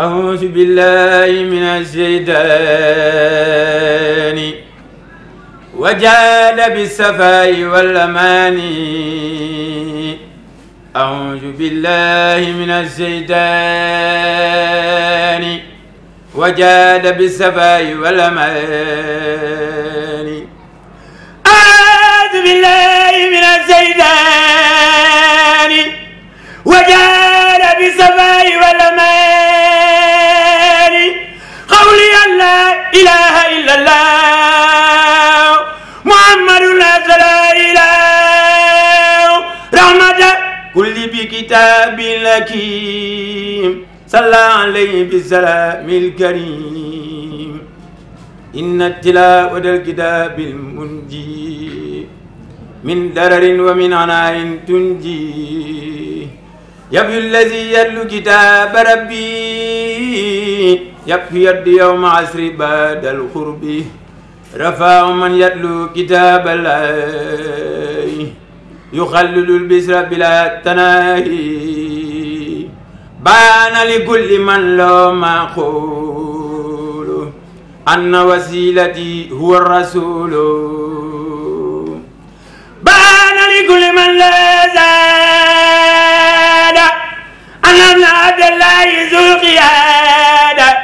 أعوذ بالله من الشيطان وجعل بالصفاء والأمان أعوذ بالله من الشيطان وجاد بالصفاء والأمان أعوذ بالله من الشيطان وجاد بالصفاء والأمان بكتاب لكيم صلى عليه بالسلام الكريم إن التلاوة الكتاب المنجي من درر ومن عناء تنجي يبي الذي يدل كتاب ربي يبي يد يوم عسر بعد الخرب رفع من يدل كتاب الله يخلل البسر بلا تناهي بان لكل من له معقول أن وسيلتي هو الرسول بان لكل من لا زاد أن ابن عبد الله ذو القيادة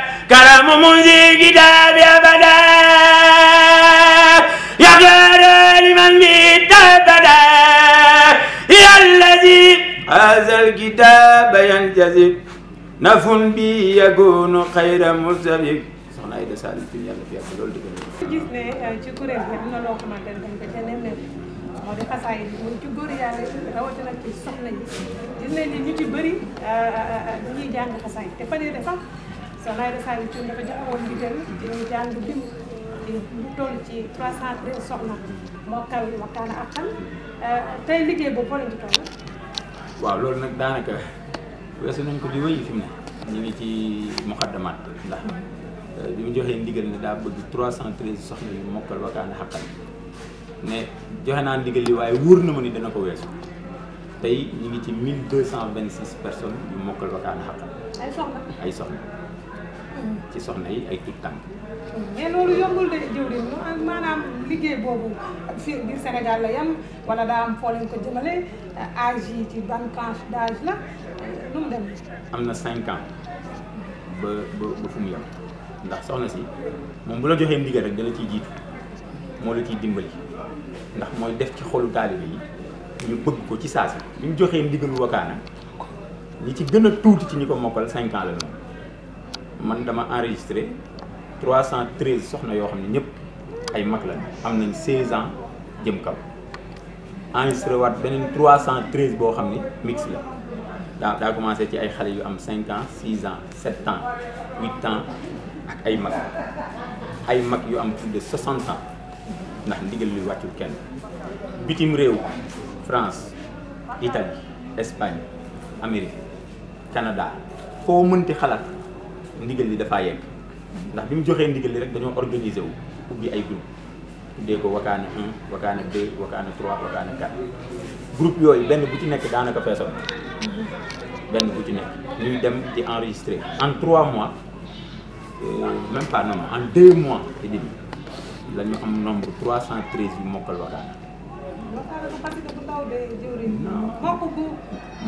هذا الكتاب ينجذب نف بي يكون خير مرتبب soxna Aida Saliou fi yàlla fi yàgg loolu dëgg gis ne euh, ci bi am na ne dañ ko ca nemmeeku moo xasaay yi moom ci góor yàlla rawatina ci soxna yi ne ñu ci bëri euh, euh, ñuy jàng xasaay te fan yii sax soxna Aida Saliou ci dafa joxewoon ndigal dañuy jàng dim di toll ci soxna mokkal waxtaan ak xam tey liggéey boobu foo leen waaw loolu nag daanaka weesu nañ ko di wéy fi ne ñu ngi ci muqaddamat ndax euh, bi mu joxee ndigal ne daa bëgg 313 soxna yu mokkal wakaana xaqan ne joxe naa ndigal li waaye wóor na ma ni dana ko weesu tey ñu ngi ci 1226 personnes yu mokkal wakaana xaqan ay soxna ay soxna ci soxna yi ay tout tànk mais loolu yombul de jëwriñ mu maanaam liggéey boobu fii biir la yem wala daa am foo ko jëmale âge ci ban tranche d'âge la lu mu dem am na cinq ba ba ba fu mu yem ndax soxna si moom bu la joxee ndigal rek dala ciy jiitu moo la ciy dimbali ndax mooy def ci xolu taalibe yi ñu bëgg ko ci saa si bi mu joxee ndigalu wakaana ñi ci gën a tuuti ci ñi ko mokkal cinq la noonu man dama enregistré 313 soxna yo xamni ñep ay mag la am nañ 16 ans jëm kaw enregistré wat benen 313 personnes. xamni ont mix la daa da commencé ci ay xalé yu am 5 ans 6 ans 7 ans 8 ans ak ay mag ay mag yu am plus de 60 ans ndax ndigal luy wàccul kenn bitim rew France Italie Espagne Amérique Canada faut mënti xalat ndigal li dafaa yegg ndax bi mu joxee ndigal li rek dañoo organiser wu ubbi ay groupe tuddee ko wakaana un wakaana deux wakaana trois wakaana quatre groupe yooyu benn bu ci nekk daanaka feesoon benn bu ci nekk ñuy dem di enregistrer en trois mois euh, même pas non en deux mois et demi la ñu am nombre trois cent treize yu mokkal wakaana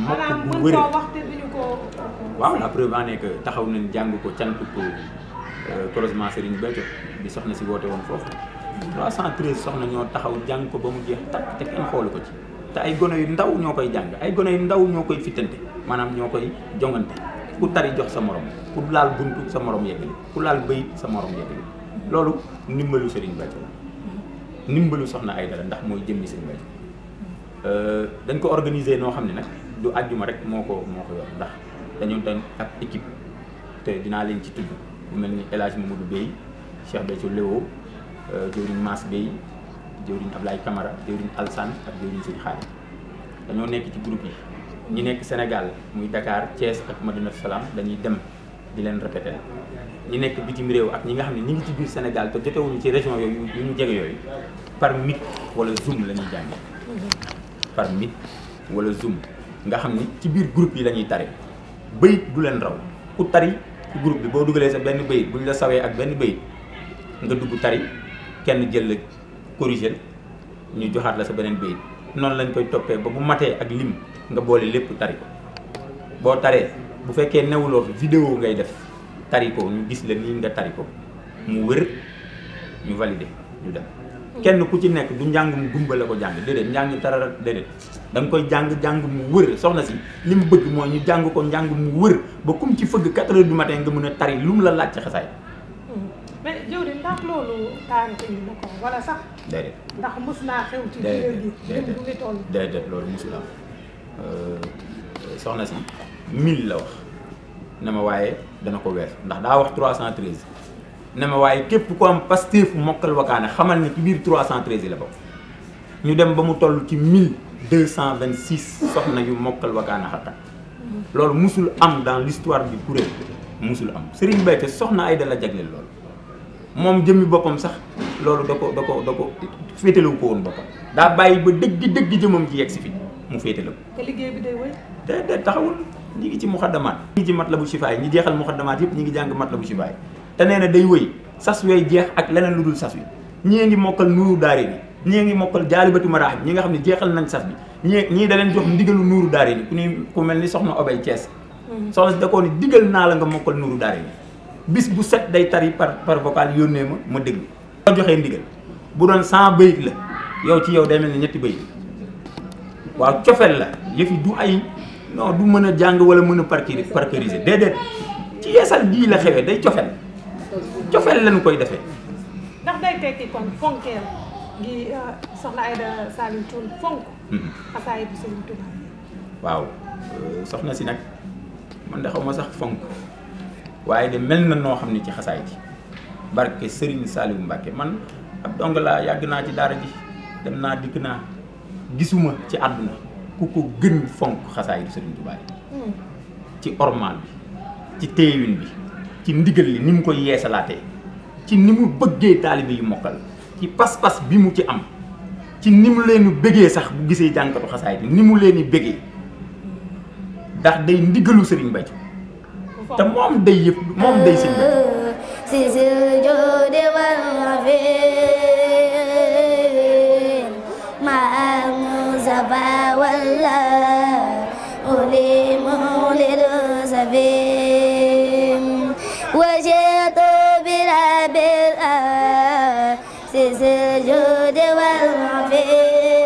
maanaam mën koo wax te duñu ko waaw la preuve en est que taxaw nañ jàng ko cantu ko croisement Serigne Béthio bi soxna si woote woon foofu 313 soxna ñoo taxaw jàng ko ba mu jeex takk te kenn xoolu ko ci te ay gone yu ndaw ñoo koy jàng ay gone yu ndaw ñoo koy fittante maanaam ñoo koy jongante ku tari jox sa morom ku laal buntu sa morom ku laal sa morom Serigne soxna ay dara ndax jëmmi Serigne dañ ko organiser noo xam du àjjuma rek moo ko moo ko yor ndax dañoo dañ ak équipe te dinaa leen ci tudd bu mel ni El Hadj Mamadou Bey Cheikh Béthio Léo euh, jëwriñ Mass Bey jëwriñ Ablaye Camara jëwriñ Alsane ak jëwriñ Sëñ Xaadim dañoo nekk ci groupe yi ñi nekk Sénégal muy dakaar Thiès ak Madina Salaam dañuy dem di leen répété ñi nekk bitim réew ak ñi nga xam ne ñi ngi ci biir Sénégal te jotewuñu ci région yooyu yu ñu jege yooyu par Meet wala Zoom lañuy ñuy jàngee par Meet wala Zoom nga xam ni ci biir groupe yi la ñuy tari bayit du leen raw ku tari ci groupe bi boo dugalee sa benn bayit bu ñu la sawee ak benn bayit nga dugg tari kenn jël la corrigé ñu joxaat la sa beneen bayit noonu lañ koy toppee ba bu matee ak lim nga boole lépp tari ko boo taree bu fekkee newuloo fi vidéo ngay def tari ko ñu gis la nii nga tari ko mu wër ñu validé ñu dem kenn ku ci nekk du njàng mu gumba la ko jàng déedéet njàng tarara déedéet da koy jàng jàng mu wër soxna si li mu bëgg mooy ñu jàng ko njàng mu wër ba kum ci fëgg 4 heures du matin nga mën a tari lu mu la laaj ci xasaay. Hmm. sax. déedéet ndax mos naa xew ci. déedéet déedéet loolu mosul euh, am soxna si 1000 la wax nema waaye dana ko weer ndax daa wax 313. ne ma képp ku am mokkal wakaana xamal ne ci biir 313 la bokk ñu dem ba mu toll ci 1226 soxna yu mokkal wakaana xata loolu musul am dans l'histoire du musul am Serigne soxna la jagleel loolu moom jëmmi boppam sax loolu da ko da ko da ko ko woon boppam ba ji fi te te taxawul ci ñi té néna day wëy sas wey jeex ak lénen luddul sas wi ñi ngi mokal nuru daari ni ñi ngi mokal jaalibatu marah ñi nga xamni jeexal nañ sas bi ñi ñi da leen jox ndigalu nuru daari ni ku ni ku melni soxna obay ties mm-hmm. soxna da ko ni digal na la nga mokal nuru daari ni bis bu set day tari par par vocal yónnee ma ma déglu ko joxe ndigal bu don 100 beuy la yow ci yow day melni ñetti beuy wa ciofel la yefi du ay non du meuna jang wala meuna parkiriser ci yeesal gi la xewé day ciofel cofeel lañu koy defee. ndax day tekki kon euh, fonk. Mhm. xasaayid bi Sëriñ Tuubaa waaw euh, soxna si nag man de xaw ma sax fonk waaye de mel na noo xam ne ci xasaay ji barke Serigne Saliou Mbacke man ab dong laa yàgg naa ci daara ji dem naa dikk naa gisuma ci àdduna ku ko gën fonk xasaayidu Serigne Touba yi hmm. ci ormaal bi ci téewin bi ci ndigal li ni mu koy yeesalaatee ci ni mu bëggee taalibe yu mokkal ci pas-pas bi mu ci am ci ni mu leen bëggee sax bu gisee jànkatu xasaay bi ni mu leen bëggee ndax day ndigalu sëriñ Béthio te moom day yëpp moom day sëriñ Béthio الهدى والعفاف